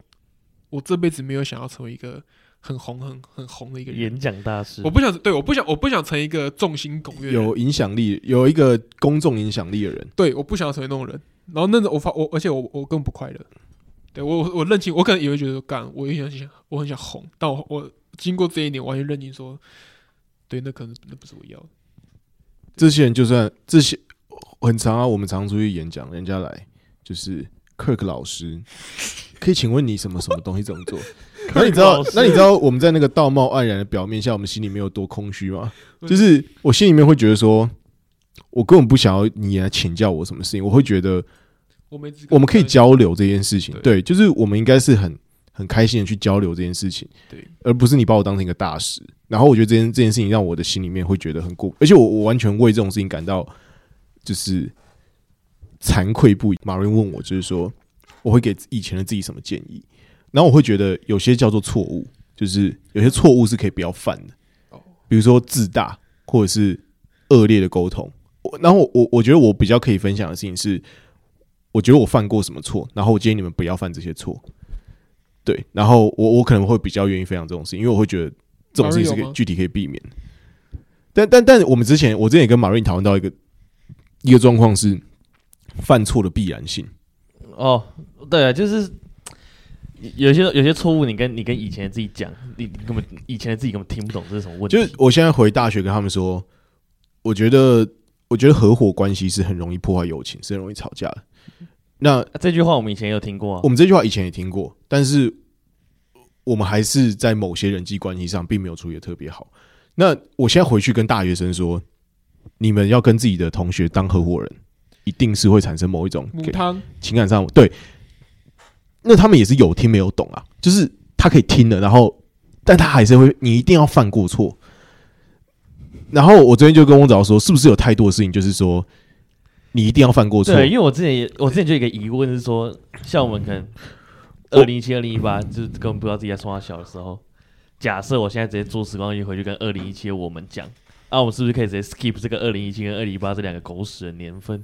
我這輩子沒有想要成為一個很紅很很紅的一個演講大師，我不想對，我不想我不想成為一個眾星拱月有
影響力有一個公眾影響力的人，
對，我不想要成為那種人。然後那種我發我，而且我我更不快樂。對我我，我認清，我可能也會覺得說幹，我也想，我很想紅，但我我經過這一年，我還是認清說，對，那可能那不是我要的。
這些人就算這些很常啊，我們常出去演講，人家來就是 Kirk 老師，可以請問你什麼什麼東西怎麼做？那 你知道那你知道我們在那個道貌岸然的表面下，我們心裡面有多空虛嗎？就是我心裡面會覺得說。我根本不想要你來請教我什麼事情，我會覺得，我們可以交流這件事情，對，就是我們應該是很很開心的去交流這件事情，對，而不是你把我當成一個大師。然後我覺得這件這件事情讓我的心裡面會覺得很過，而且我我完全為這種事情感到就是慚愧不已。馬雲問我，就是說我會給以前的自己什麼建議？然後我會覺得有些叫做錯誤，就是有些錯誤是可以不要犯的，比如說自大或者是惡劣的溝通。然後我我覺得我比較可以分享的事情是，我覺得我犯過什麼錯，然後我建議你們不要犯這些錯。對，然後我我可能會比較願意分享這種事情，因為我會覺得這種事情是可以具體可以避免。但但但我們之前我之前也跟馬瑞討論到一個一個狀況是犯錯的必然性。
哦，對啊，就是有些有些錯誤，你跟你跟以前的自己講，你你根本以前的自己根本聽不懂這是什麼問題。就
是我現在回大學跟他們說，我覺得。我覺得合夥關係是很容易破壞友情，是很容易
吵架的。那、啊、這句話我們以前也有聽過，我們
這句話以前也聽過，但是我們還是在某些人際關係上並沒有處理的特別好。那我現在回去跟大學生說，你們要跟自己的同學當合夥人，一定是會產生某一種母湯情感上對。那他們也是有聽沒有懂啊，就是他可以聽的，然後但他還是會，你一定要犯過錯。然後我昨天就跟我找說，是不是有太多的事情，就是說你一定要犯過錯？對，
因為我之前也我之前就有一個疑問是說，像我們可能二零一七、二零一八，就是根本不知道自己在穿小的時候。假設我現在直接坐時光機回去跟二零一七的我們講，那、啊、我們是不是可以直接 skip 這個二零一七跟二零一八這兩個狗屎的年份？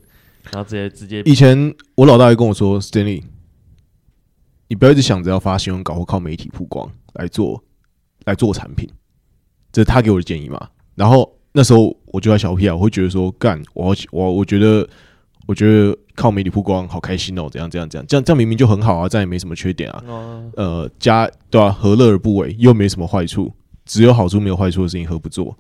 然後直接直接。以前
我老大就跟我說 ，Stanley，你不要一直想着要發新聞稿或靠媒體曝光來做來做產品，這是他給我的建議嘛？然後。那時候我就愛小屁孩，啊，我會覺得說，幹我我我覺得我覺得靠媒體曝光好開心哦，喔，怎樣怎樣怎樣，這樣這樣明明就很好啊，這樣也沒什麼缺點啊，oh. 呃加對吧，啊？何樂而不為？又沒什麼壞處，只有好處沒有壞處的事情何不做？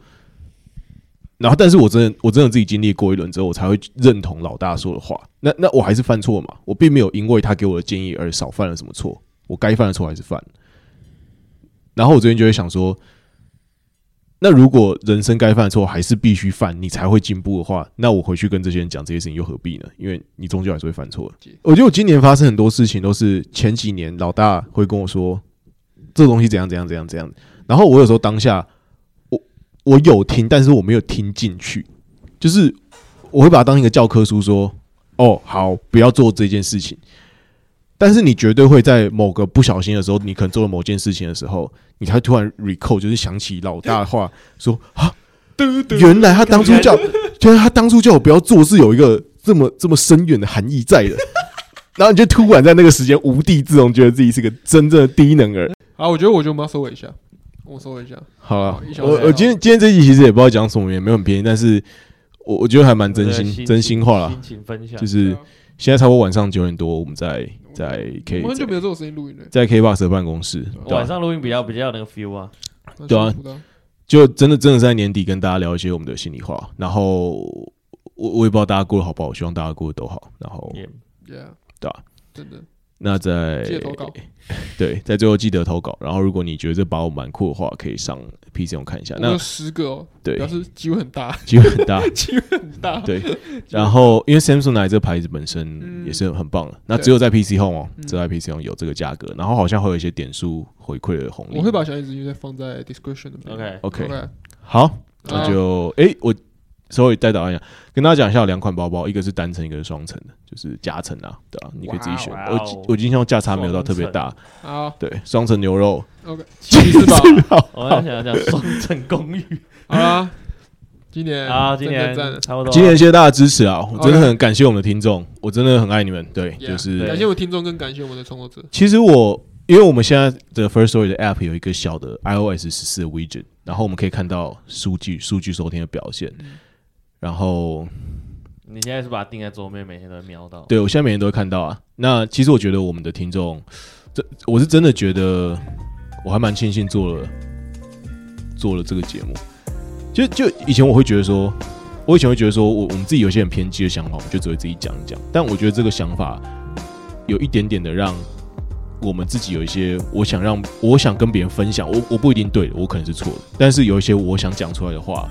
然後但是我真的我真的自己經歷過一輪之後，我才會認同老大說的話。那那我還是犯錯嘛？我並沒有因為他給我的建議而少犯了什麼錯，我該犯的錯還是犯。然後我昨天就會想說。那如果人生該犯錯還是必須犯，你才會進步的話，那我回去跟這些人講這些事情又何必呢？因為你終究還是會犯錯。我覺得我今年發生很多事情都是前幾年老大會跟我說，這東西怎樣怎樣怎樣怎樣。然後我有時候當下，我我有聽，但是我沒有聽進去，就是我會把它當一個教科書說，哦，好，不要做這件事情。但是你絕對會在某個不小心的時候，你可能做了某件事情的時候，你才突然 recall，就是想起老大的話，說啊，
原來他當初叫，
就是他，他當初叫我不要做，是有一個這麼這麼深遠的含義在的。 然後你就突然在那個時間無地自容，覺得自己是個真正的低能兒。
啊，我覺得我覺得我們要收尾一下，我收尾一下。好了，我我、呃、今天今
天這集其實也不知道講什麼，也沒有很便宜，但是我我覺得還蠻真心真心話了。就是、啊、現在差不多晚上九點多，我們在。在 K，好久沒有這種事情錄音了。欸、在 KKBOX 的辦公室，對啊，晚
上錄音比較比較那個 feel 啊。對啊，
就真的真的在年底跟大家聊一些我們的心裡話。然後我我也不知道大家過得好不好，我希望大家過得都好。然
後 yeah，Yeah，對啊，真的。那在
對，在最後記得投稿。然後如果你覺得這包蠻酷的話，可以上 PC Home 看一下。那有十個哦，對，但是機會
很大，機會很大，機會很,很,很大。對，然後
因為 Samsung、嗯、這個牌子本身也是很棒的。嗯、那只有在 PC Home 哦，嗯、只有在 PC Home 有這個價格，然後好像會有一些點數回饋的紅利。我會
把小椅子放在 description OK OK OK 好。好、啊，那就哎、欸、
我。所以，帶導演跟大家講一下兩款包包，一個是單層，一個是雙層的，就是夾層啊，對吧、啊？你可以自己選。Wow, wow, 我我今天價差沒有到特別大，oh. 對，雙層牛肉七十八
我們要想一下雙層公寓 好啊。今年好啊，今年、啊、今年謝謝大家的支持啊，我真的很
感謝我們的聽眾，okay. 我真的很愛你們。對，yeah, 就是感謝我
聽眾，跟感謝我們的創作
者。其實我因為我們現在的 Firstory 的 App 有一個小的 iOS 十四的 Widget，然後我們可以看到數據數據收聽的表現。嗯然後，
你現在是把它釘在桌面，每天都會瞄到。對我
現在每天都會看到啊。那其實我覺得我們的聽眾，這我是真的覺得，我還蠻慶幸做了做了這個節目。就就以前我會覺得說，我以前會覺得說我我們自己有些很偏激的想法，我們就只會自己講一講。但我覺得這個想法有一點點的，讓我們自己有一些我想讓我想跟別人分享。我我不一定對，我可能是錯的，但是有一些我想講出來的話。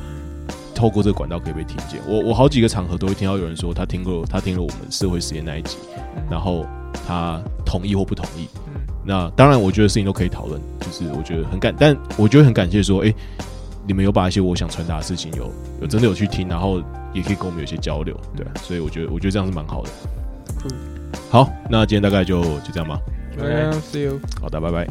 透過這個管道可以被聽見我。我我好幾個場合都會聽到有人說他聽過他聽了我們社會實驗那一集，然後他同意或不同意。嗯、那當然，我覺得事情都可以討論，就是我覺得很感，但我覺得很感謝說，哎、欸，你們有把一些我想傳達的事情有有真的有去聽，然後也可以跟我們有一些交流，對，嗯、所以我覺得我覺得這樣是蠻好的。好，那今天大概就就這樣吧。嗯、好的，拜拜。